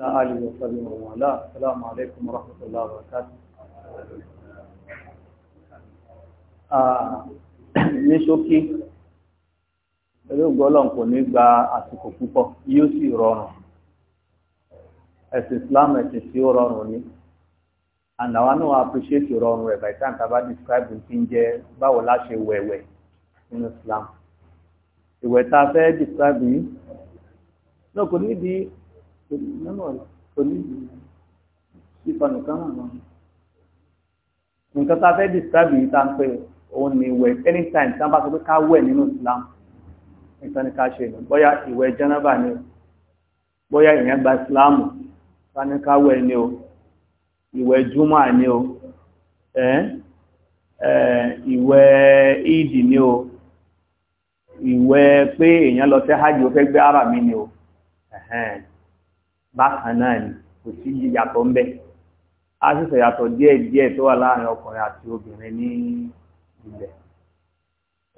وعلى آله وصحبه ومن والاه السلام عليكم ورحمة الله وبركاته ní ṣókí olóògbé ọlọ́run kò ní gba àsìkò púpọ̀ yóò sì rọrùn ẹ̀sìn Islam ẹ̀sìn tí ó rọrùn ni and àwa náà appreciate rọrùn rẹ̀ by time taba describe ti ń jẹ́ báwo la ṣe wẹ̀wẹ̀ nínú Islam ìwẹ̀ tá a fẹ́ describe yìí náà kò di nínú onídìí ipa nìkan náà lọ. nǹkan tá a fẹ́ describe yìí tá a ń pè òun ni ìwẹ̀ anytime tí wọ́n bá sọ pé ká wẹ̀ nínú Islam nǹkan ni ká ṣe lọ bóyá ìwẹ̀ jẹ́nàbà ni o bóyá ìyẹn gba Islam ká ní ká wẹ̀ ni o ìwẹ̀ júmọ̀ ni o ìwẹ̀ ìdì ni o ìwẹ̀ pé èèyàn lọ sí hajj ó fẹ́ gbé ara mi ni o bákan náà ni kò sí ìyàtọ̀ ńbẹ á sì ṣèyàtọ̀ díẹ̀ díẹ̀ tó wà láàrin ọkùnrin àti obìnrin ní ilẹ̀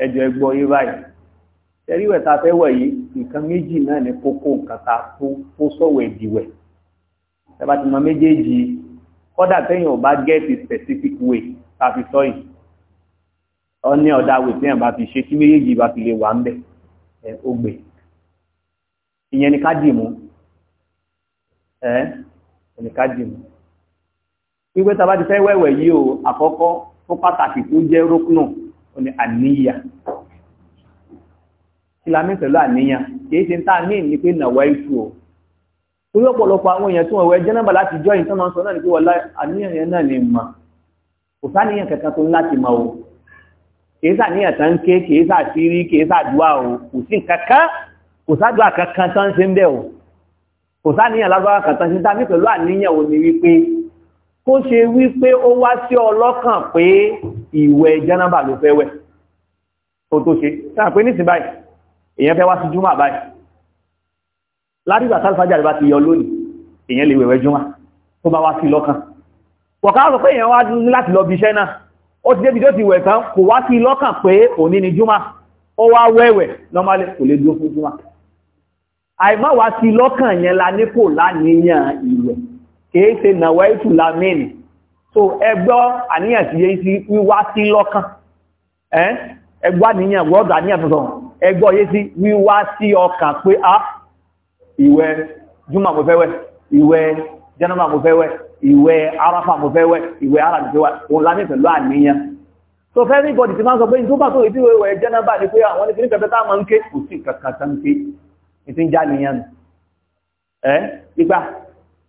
ẹjọ ẹgbọ́ yí báyìí tẹrí ìwẹ̀ ta fẹ́ wẹ̀ yìí nǹkan méjì náà ni kókó nǹkan ta tó sọ̀wọ̀ ìdìwẹ̀ tẹ́bá ti mọ méjèèjì kódà téèyàn ò bá gẹ́ẹ̀tì specific way ta fi sọ yìí ọ ní ọ̀dà way téèyàn bá fi ṣe kí méjèèjì bá fi lè wà ń ẹ ó ìyẹn ni ká dì mú ẹ́ ẹ̀nìká dìmú wípé tàbá ti fẹ́ wẹ̀wẹ̀ yìí o àkọ́kọ́ fún pàtàkì tó jẹ́ rókùnà ó ní àníyà kí pẹ̀lú àníyàn kìí ṣe ń tà ní ìní pé o torí ọ̀pọ̀lọpọ̀ àwọn èèyàn kò sáníyàn lágbára kàtà sí dábí pẹ̀lú àníyàn ò ní wípé kó ṣe wípé ó wá sí ọlọ́kàn pé ìwẹ̀ jánábà ló fẹ́ wẹ̀ ó tó ṣe sáà pé nísìn báyìí èèyàn fẹ́ wá sí júmà báyìí látìgbà sálfàjà rẹ̀ bá ti yọ lónìí èèyàn lè wẹ̀wẹ̀ júmà tó bá wá sí lọ́kàn wọ̀ká sọ ni júmà ó wá wẹ̀wẹ̀ normally kò lè àìmọ́wàá sí lọ́kàn yẹn la nípò láníyàn ìwẹ̀ kìí ṣe nàwẹ́ ìtùlá mẹ́rin so ẹgbọ́ àníyàn sí yéé sí wíwá sí lọ́kàn ẹgbọ́ àníyàn wọ́dà àníyàn tuntun ẹgbọ́ yéé sí wíwá sí ọkàn pé a ah, ìwẹ̀ júmọ̀ mo fẹ́ wẹ̀ ìwẹ̀ jẹ́nàmà mo ìwẹ̀ arafa mo fẹ́ wẹ̀ ìwẹ̀ ara mo fẹ́ wẹ̀ so fẹ́ anybody ti máa sọ pé ìtúbà tó ìdíwẹ̀ jẹ́nàmà ni pé àwọn ní kìnnìkan ìtí ń já nìyàn ẹ́ ipa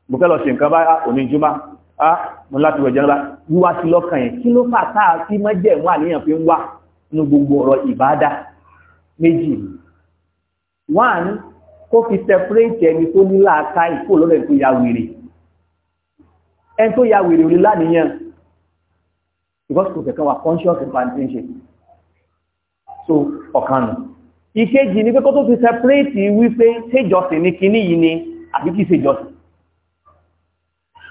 bùkẹ́ lọ ṣe nǹkan bá oníjúmá á mú láti wẹ̀ jẹ́nlá wíwá sí lọ́kàn yẹn kí ló fà táà tí mọ́jẹ̀ mú àníyàn fi ń wà nínú gbogbo ọ̀rọ̀ ìbádà méjì one kó fi separate ẹni tó ní láàká ìkó lọ́rẹ̀ tó ya wèrè ẹni tó ya wèrè òní láníyàn because kò kẹ̀kẹ́ wà conscious ìpàdé ṣe so ọ̀kan nù ìkejì ní pé kó tó ti separate wípé ṣèjọsìn ní kinní yìí ni àbí kìí ṣèjọsìn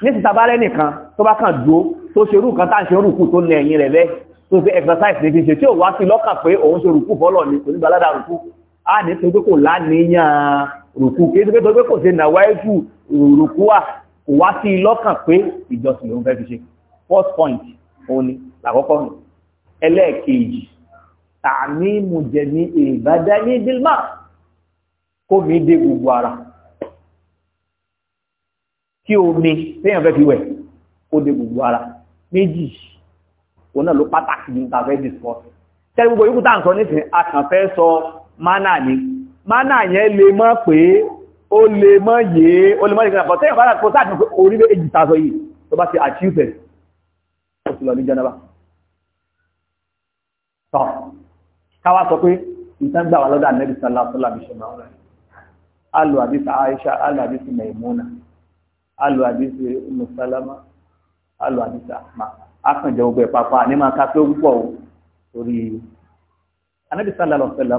ní ti tabalẹ́ nìkan tó bá kàn dúó tó ṣe rúkan tá à ń ṣe rúkù tó lẹ ẹ̀yìn rẹ̀ bẹ́ tó fi exercise ní ṣe tí ò wá sí lọ́kàn pé òun ṣe rúkù fọ́lọ̀ ni kò ní gbalada rúkù á ní tó pé kò láníyàn rúkù kí tó pé kò ṣe nàwáìtù rúkù wà kò wá sí lọ́kàn pé ìjọsìn lòun fẹ́ fi ṣe first point òun ni làkọ́kọ́ nù ẹlẹ́ẹ̀kejì tààmímù jẹ̀mí ìbádá ní bilmá kó mi dé gbogbo ara kí omi téèyàn fẹ́ fi wẹ̀ ó dé gbogbo ara méjì òun náà ló pàtàkì ní ta fẹ́ discuss tẹ́lẹ̀ gbogbo yókù tá à ń sọ nísìnyí a kàn fẹ́ sọ mánà ni mánà yẹn lè mọ̀ pé ó lè mọ̀ yé ó lè mọ̀ yé bọ̀ téèyàn bá rà kó sáà ní orí méjì ta sọ yìí tó bá ti achieve ó ti lọ ní jẹ́nàbà káwá sọ pé ìtàn gbà wà lọ́dọ̀ ànẹ́bí sọlá sọlá bí ṣe máa ń rẹ̀ alu àdìsí Aisha alu àdìsí Maimuna alu àdìsí musalama alu àdìsí Asma akànjẹ ogun ìpapá ní máa ká pé ó púpọ̀ o torí ànẹ́bí sọlá lọ sọlá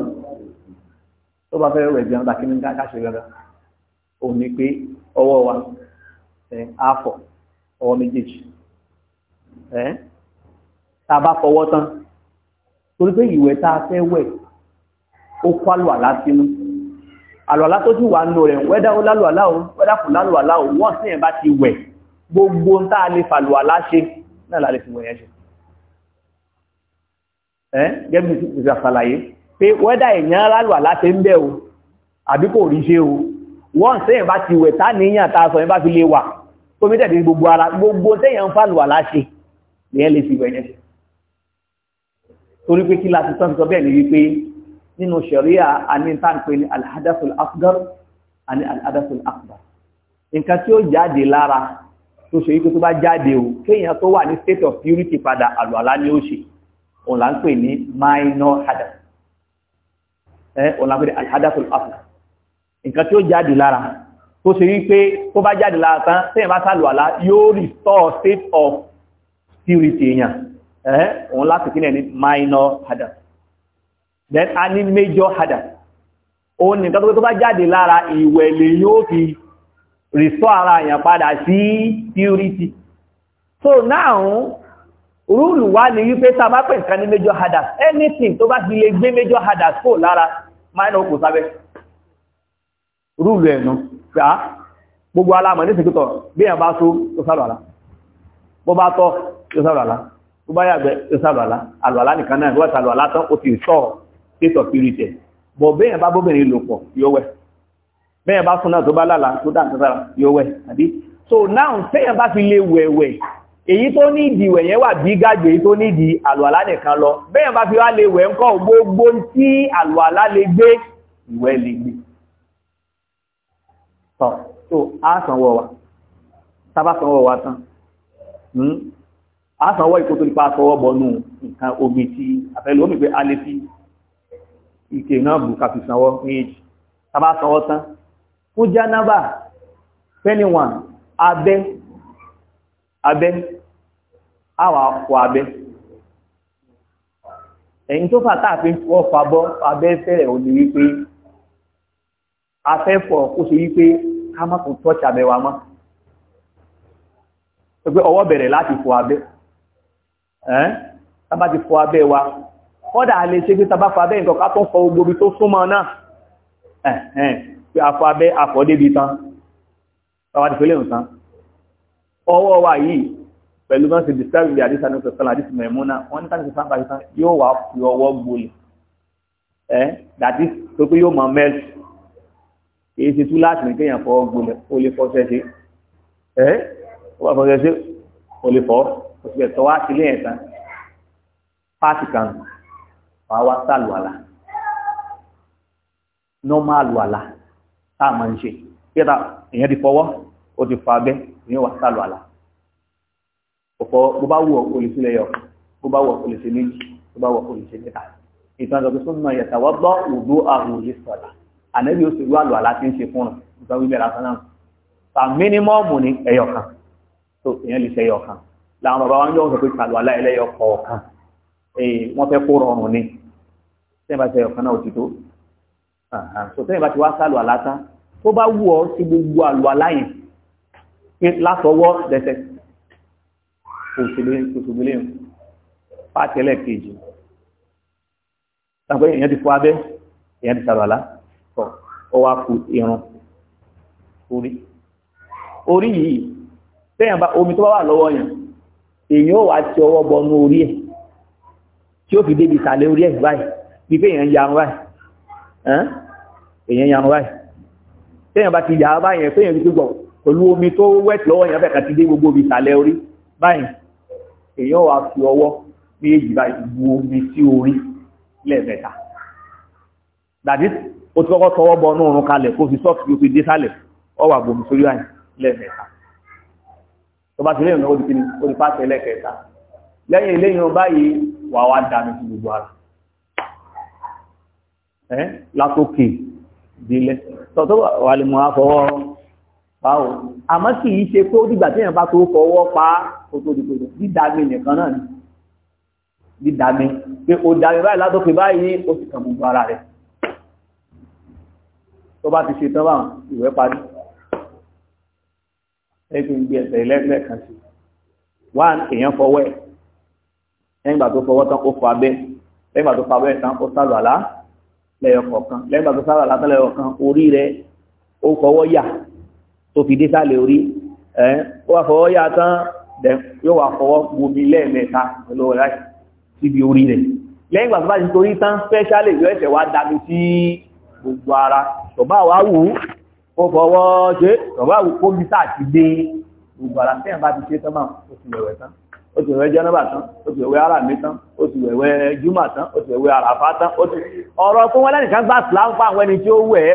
tó bá fẹ́ wẹ̀ jẹun bàkí ní káṣe rẹ̀ òun ni pé ọwọ́ wa ẹ̀ àfọ̀ ọwọ́ méjèèjì ẹ̀ tá a bá fọwọ́ tán torí pé ìwẹ̀ tá a fẹ́ wẹ̀ ó kó àlùwàlá sínú àlùwàlá tó sì wà nù rẹ̀ wẹ́dá ó lálùwàlá o wẹ́dá kò lálùwàlá o wọ́n sì yẹn bá ti wẹ̀ gbogbo ń tá a lè fàlùwàlá ṣe náà la lè fi wẹ̀ yẹn ṣe ẹ́ gẹ́gẹ́ bí ìṣàṣàlàyé pé wẹ́dá fi wẹ̀ yẹn ṣe torí pé kí láti tán sọ bẹ́ẹ̀ ni wípé nínú ṣẹ̀ríà àní táǹpé ní alhadasul asgar àní alhadasul akbar nǹkan tí ó jáde lára tó ṣe wípé tó bá jáde o kéèyàn tó wà ní state of purity padà àlùalá ni ó ṣe òun là ń pè ní minor hadath ẹ òun là ń pè ní alhadasul asgar nǹkan tí ó jáde lára tó ṣe wípé tó bá jáde lára tán téèyàn bá sálùalá yóò restore state of purity yẹn. eh lati last ni minor hadas then any major hadas only nkan to ba jade lara iwele yo fi restore yan pada si tioriti so now rule wa ni yi pe ta ba pe nkan ni major hadas anything to ba fi gbe major hadas ko lara minor ko sabe rule e no gbogbo alamọ nisikuto bi yan ba so to sa lara bo to to sa lara tó bá yàgbẹ́ tó sàlọ́lá àlọ́lá nìkan náà wọ́n sàlọ́lá tán ó ti sọ state of purity bọ̀ bẹ́ẹ̀ bá bóbìnrin lò pọ̀ yóò wẹ̀ bẹ́ẹ̀ bá fún náà tó bá lálà tó dà nǹkan sára yóò wẹ̀ àbí so now tẹ́yàn bá fi lè wẹ̀wẹ̀ èyí tó ní ìdí wẹ̀yẹn wà bí gágbé tó ní ìdí àlọ́lá nìkan lọ bẹ́ẹ̀ bá fi wá lè wẹ̀ ńkọ́ gbogbo tí àlọ́lá lè gbé ìwẹ̀ lè gbé tọ́ so á sanwó wa tá bá sanwó wa hmm? àsànwọ́ ikú tó nípa àsọwọ́ bọ̀nú nǹkan omi tí àfẹ́lú omi pé a lè fi ike náà bù kàfi sanwọ́ ní èjì tàbá sanwọ́ tán fún jánábà fẹ́niwọ̀n abẹ́ abẹ́ àwà fọ abẹ́ ẹ̀yìn tó fà táàfi fọ́ fàbọ́ abẹ́ fẹ́rẹ̀ òní wípé afẹ́fọ̀ kó ṣe wípé ká má kò tọ́ọ̀ṣì ẹ́n tábà ti fọ abẹ́ wa kọ́dà lè ṣe pé tábà fọ abẹ́ nǹkan ká tó fọ gbogbo tó súnmọ́ náà ẹ̀ẹ́n pé afọ abẹ́ afọ débi tán tábà ti fẹ́lẹ̀ nǹkan ọwọ́ wa yìí pẹ̀lú bá ń ṣe disturb the adisa ní sọ̀tàn àdìsí mẹ́múnà wọ́n ní káàkiri sáà bàtí tán yóò wá fi ọwọ́ gbolẹ̀ ẹ́ dàtí tó pé yóò mọ melt kì í ṣe tú láti ní kéèyàn fọwọ́ gbolẹ̀ ó lè wà fọ́ sẹ́sẹ́ òṣìṣẹ́ tó wá sílé ẹ̀ tán páàtì kan wàá wá sálù àlà nọ́mà àlù àlà tá a máa ń ṣe yẹ́ta èèyàn ti fọwọ́ ó ti fọ abẹ́ èèyàn wá sálù àlà ọ̀pọ̀ bó bá wù ọ́ kò lè sílẹ̀ yọ bó bá wù ọ́ kò lè méjì bó bá wù ọ́ mẹ́ta ìtàn ìjọba tó ń mọ wọ́n gbọ́ òdó àrùn lè sọ̀lá ànábì òṣèlú àlọ́ àlá ti ń ṣe fún un ìtàn wíwẹ̀ lásán náà fà mínímọ́ọ̀mù ní ẹyọ kan tó èèyàn lè ṣe ẹyọ kan làwọn bàbá wọn yóò sọ pé sàlùwàlá ẹlẹ́yọ kọ̀ọ̀kan wọ́n fẹ́ kó rọrùn ni sẹ́yìn bá ti ẹ̀yọ̀ kan náà òtítọ́ so sẹ́yìn bá ti wá sàlùwàlá tán tó bá wù ọ́ sí gbogbo àlùwàlá yẹn látọwọ́ dẹsẹ̀ òṣèlú yẹn pàtí ẹlẹ́ẹ̀kejì tàbí èèyàn ti fọ abẹ́ èèyàn ti sàlùwàlá tọ̀ ọ wá ku irun orí orí yìí sẹ́yìn bá omi tó bá wà lọ́wọ́ yẹn èyàn ó wá ti ọwọ́ bọnú orí ẹ̀ tí ó fi débi ìsàlẹ̀ orí ẹ̀ báyìí bí pé èyàn yarun báyìí èyàn yarun báyìí téèyàn bá ti yà á báyìí pé èyàn fi gbọ̀ pẹ̀lú omi tó wẹ̀t lọ́wọ́ yẹn fẹ̀ka ti dé gbogbo ibi ìsàlẹ̀ orí báyìí èyàn ó wá fi ọwọ́ méjì báyìí bu omi sí orí lẹ́ẹ̀mẹ́ta tó bá ti lẹ́yìn náà olùkíní olùpàṣẹ ẹlẹ́kẹta lẹ́yìn lẹ́yìn báyìí wà wá dànù sí gbogbo ara ẹ́ látòkè délẹ̀ tọ́tọ́ wà lè mọ́ àfọwọ́ báwo àmọ́ kì í ṣe pé ó dìgbà tí èèyàn bá tó fọwọ́ pa ó di pẹ̀lú ni dídàmí pé ó dàmí báyìí látòkè báyìí ó sì kàn gbogbo ara rẹ̀ tó bá ti ẹgbẹ́ gbé ẹsẹ̀ ẹlẹ́gbẹ́ kan sí wá èèyàn fọwọ́ ẹ̀ lẹ́yìngbà tó fọwọ́ tán ó fọ abẹ́ lẹ́yìngbà tó fọ abẹ́ tán ó sálọ àlá lẹ́yọkọ̀ọ̀kan lẹ́yìngbà tó sálọ àlá tán lẹ́yọkọ̀ọ̀kan orí rẹ̀ ó fọwọ́ yà tó fi dé sálẹ̀ orí ẹ̀ ó wá fọwọ́ yà tán yóò wá fọwọ́ gbomi lẹ́ẹ̀mẹ́ta pẹ̀lú ọ̀rá síbi orí rẹ̀ lẹ́yìngbà tó bá ti torí tán fẹ́ sálẹ̀ yóò ẹ̀sẹ̀ wá dami sí gbogbo ara ṣọ̀bá wá wù ú ó fọwọ́ ṣe bàbá àwòkó mi sáà ti dé gbogbo ara tẹ́yàn bá ti ṣe tán máa ó ti wẹ̀wẹ̀ tán ó ti wẹ̀wẹ̀ jẹ́nàbà tán ó ti wẹ̀wẹ̀ alámi tán ó ti wẹ̀wẹ̀ júmà tán ó ti wẹ̀wẹ̀ àràfá tán ó ti ọ̀rọ̀ fún wọn lẹ́nìkan gbà sílá ń fa àwọn ẹni tí ó wẹ̀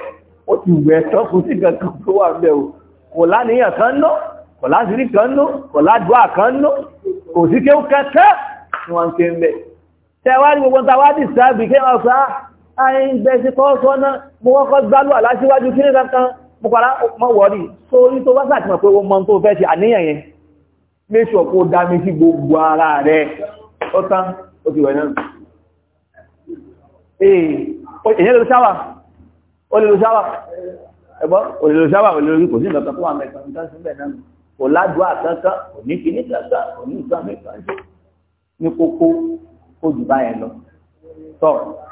ó ti wẹ̀ tán kò sí kankan tó wà bẹ́ẹ̀ o kò láníyàn kan ná kò lásìrí kan ná kò ládùá kan ná kò sí kéwú kankan ni wọ́n ké ń bẹ̀ tẹ́wárí gbogbo ta wá dì kí wọ́n sá àyìn ah, gbẹ̀sí kọ́ sọ́nà mo kọ́kọ́ gbálù àlásíwájú kí ní kankan púpàrá mọ́ wọ́rí tó ní tó bá sàtìmọ̀ pé wọ́n mọ́ tó fẹ́ ṣe àníyàn yẹn méṣọ̀ kó dámi sí gbogbo ara rẹ̀ ọ̀tán ó ti wẹ̀ náà èyàn lè ṣáwà ó lè ṣáwà ẹgbọ́ ó lè ṣáwà ó lè rí kò sí ìlọ́ta tó wà mẹ́ta ní tásílẹ̀ náà kò ládùú àkánkán kò ní kíní kankan kò ní nǹkan mẹ́ta ní kókó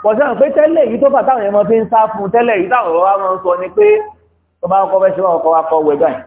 pọ̀ṣẹ́ pé tẹ́lẹ̀ yìí tó fà táwọn ẹmọ fi ń sá fún tẹ́lẹ̀ yìí táwọn ọ̀rọ̀ wa sọ ni pé tó bá kọ́ bẹ́ ṣe wọ́n kọ́ wá kọ́ wẹ̀ báyìí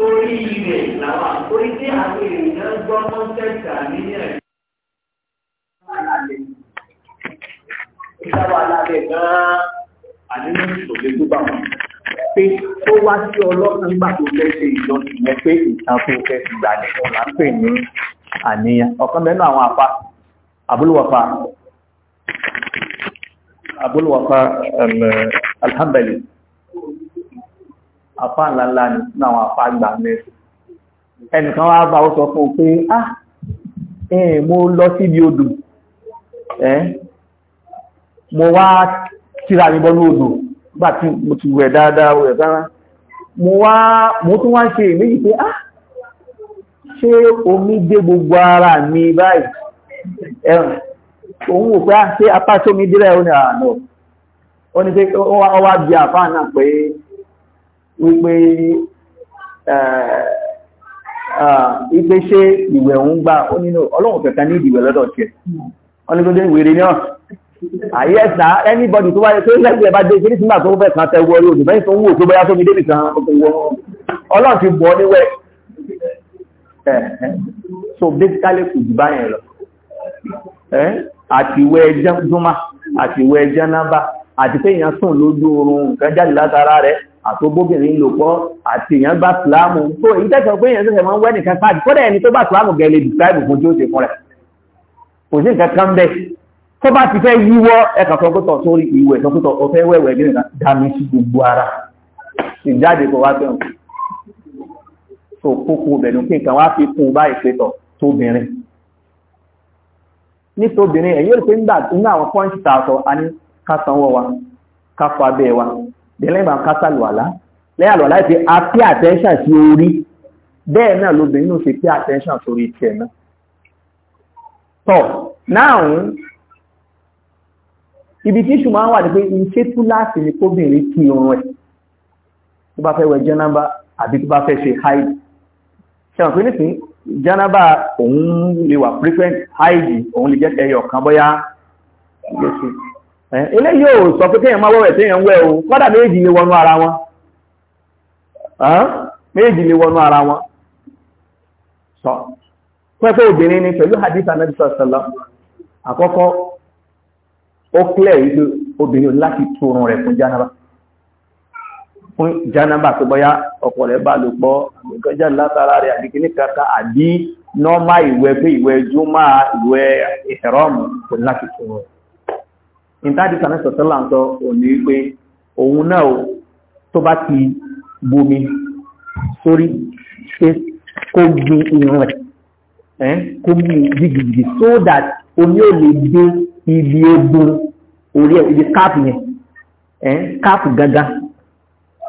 torí ilẹ̀ làwọn torí tí àwọn èèyàn gbọ́ mọ́tẹ́tà nílẹ̀. ìṣàwọ̀ alábẹ̀ gan-an àdínú ìṣòlè tó bá wọn pé ó wá sí ọlọ́run nígbà tó fẹ́ ṣe ìjọsìn yẹn pé ìtàn tó fẹ́ fi gbà nìkan là ń pè ní àníyàn ọ̀kan mẹ́nu àwọn àfa àbúlùwọ̀fà àbúlùwọ̀fà um, alhambali àfá ńláńlá ni fún àwọn àfá àgbà mẹ́rin ẹnìkan wá bá ó sọ fún un pé ah ẹ̀ẹ́n mo lọ síbi odò ẹ́ mo wá kíra mi bọ́ ní odò nígbà tí mo ti wẹ̀ dáadáa wẹ̀ dáadáa mo wá mo tún wá ṣe èméjì pé ah ṣé omi dé gbogbo ara mi báyìí ẹ̀rùn òun wò pé ah ṣé apá tí omi dé rẹ̀ ó ní àná ah, ó ní pé ó wá bí àfáà náà pé wípé wípé ṣé ìwẹ̀ ń gbà ó nínú ọlọ́run kẹta ní ìdìwẹ̀ lọ́dọ̀ tiẹ̀ wọ́n ní gbogbo ìwèrè náà àyè ẹ̀sà anybody tó wáyé tó lẹ́gbẹ̀ẹ́ bá dé ṣe nígbà tó fẹ́ kan tẹ́wọ́ orí òdì mẹ́rin tó ń wò tó bóyá tó mi débì kan ọlọ́run ti bọ̀ níwẹ̀ so basically kù jù báyẹn lọ àtiwẹ̀ ẹjẹ́ júmọ́ àtiwẹ̀ ẹjẹ́ nábà àti pé èèyàn sùn lójú oorun nǹkan jáde látara rẹ̀ àtòbóbìnrin lò pọ̀ àti èèyàn gbà síláàmù tó èyí tẹ́sàn pé èèyàn tẹ́sàn máa ń wẹ́ nìkan káàdì kódà ẹni tó bá síláàmù gẹ̀ lè describe fún tí ó ṣe fún rẹ̀ kò sí nǹkan kan bẹ́ẹ̀ tó bá ti fẹ́ yíwọ́ ẹ̀ka sọ́kútọ̀ sórí ìwẹ̀ sọ́kútọ̀ ọ̀fẹ́ wẹ̀wẹ̀ ní nǹkan dami sí gbogbo ara ìjáde kò wá fẹ́ràn tó kókó bẹ̀rù kí nǹkan wá fi kún bá ìpẹ́tọ̀ tóbìnrin nítorí ẹ̀yọ́ ìpínlẹ̀ nígbà àwọn pọ́ǹtì tààtọ̀ a ní ká sanwó wa ká fọ abẹ́ wa dẹ́lẹ́ ìbá ká sàlùwàlá lẹ́yìn àlùwàlá ti a pay attention sí orí bẹ́ẹ̀ náà lóbìnrin náà ṣe pay attention sórí tiẹ̀ náà. tọ́ náà ibi tí ṣùgbọ́n wà ní pé iṣẹ́ tú láti ní kóbìnrin kí irun ẹ̀ tó bá fẹ́ wẹ jẹ́nàbà àbí tó bá fẹ́ ṣe haidi ṣẹ̀wọ̀n pé nísìnyí jẹ́nàbà òun lè wà frequent haidi òun lè jẹ́ ẹyọ kan bóyá lóṣù ilé yóò sọ pé téèyàn máa wẹ́wẹ̀ téèyàn wẹ́ o kọ́dà méjì lè wọnú ara wọn ara wọn sọ pẹ́pẹ́ obìnrin ni pẹ̀lú hadith anabi sallallahu àkọ́kọ́ ó clear yìí obìnrin láti túrun rẹ̀ fún jánaba fún jánaba pé bóyá ọkọ rẹ̀ bá lò pọ̀ àgbẹ̀kọ́jà ìtàdí sàmẹ́sọ̀ tó láǹtọ́ òní wípé òun náà tó bá ti bomi sórí pé kó gbin irun rẹ̀ kó mú jìgìjìgì so that omi ò lè dé ibi egun orí ẹ̀ ibi káàpù yẹn káàpù gangan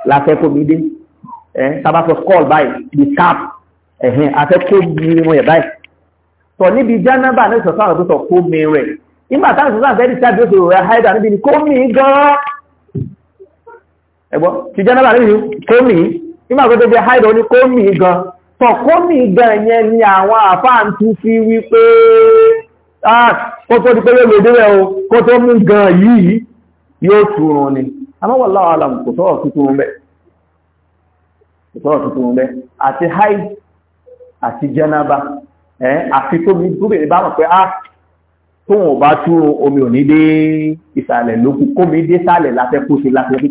la fẹ́ kó mi dé tábà fọ kọ́ọ̀lù báyìí ibi káàpù afẹ́ kó mi irun rẹ̀ báyìí tọ̀ níbi jánábà náà sọ̀tàn àtúntò kó mi rẹ̀. nígbà táwọn sọ́sọ́ àfẹ́ díṣà bí ó rò rẹ̀ haida níbi ni kó mì gan-an ẹ̀gbọ́n ti jẹ́ náà nínú kó mì nígbà tó gan-an tọ̀ kó gan-an yẹn ni àwọn ah, kó tó di o kó tó gan-an yìí yóò túrun ni alam kò bẹ́ẹ̀ kò bẹ́ẹ̀ àti haid àti bá ah, tóun ò bá tú omi ò ní dé ìsàlẹ̀ lókù kómi dé sàlẹ̀ láfẹ́ kó ṣe láfẹ́ kó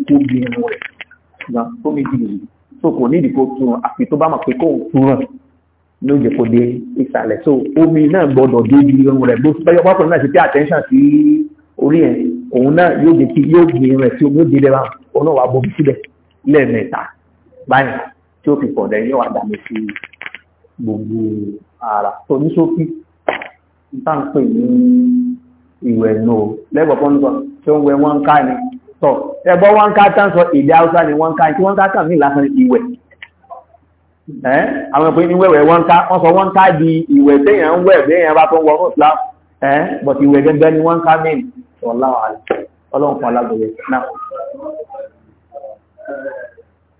kó bí irun rẹ̀ ṣùgbọ́n tómi dì í so kò ní ìdìbò tún àfi tó bá mọ̀ pé kóun tún ràn ló jẹ́ kó dé ìsàlẹ̀ so omi náà gbọ́dọ̀ dé bí irun rẹ̀ bó bẹ́yọ̀ pọ́pọ̀ náà ti pay attention sí orí ẹ̀ òun náà yóò jẹ́ kí yóò gbin irun rẹ̀ tí omi ó délé wa òun náà wà bomi síbẹ̀ lẹ́ẹ̀mẹ́ta báyìí tí ó fi pọ̀ dẹ̀ yóò wà dàmé sí bá ń pè ní ìwẹ̀ nù o lẹ́gbọ̀n fún nǹkan tí ó ń wẹ wọ́n ń ká ni tọ̀ ẹgbọ́ wọ́n ń ká tán sọ èdè haúsá ni wọ́n ń ká tí wọ́n ń ká kàn ní ìlàsàn ìwẹ̀ ẹ́ àwọn ìpín ní wẹ̀wẹ̀ wọ́n ń ká wọ́n sọ wọ́n ń ká di ìwẹ̀ téèyàn ń wẹ̀ béèyàn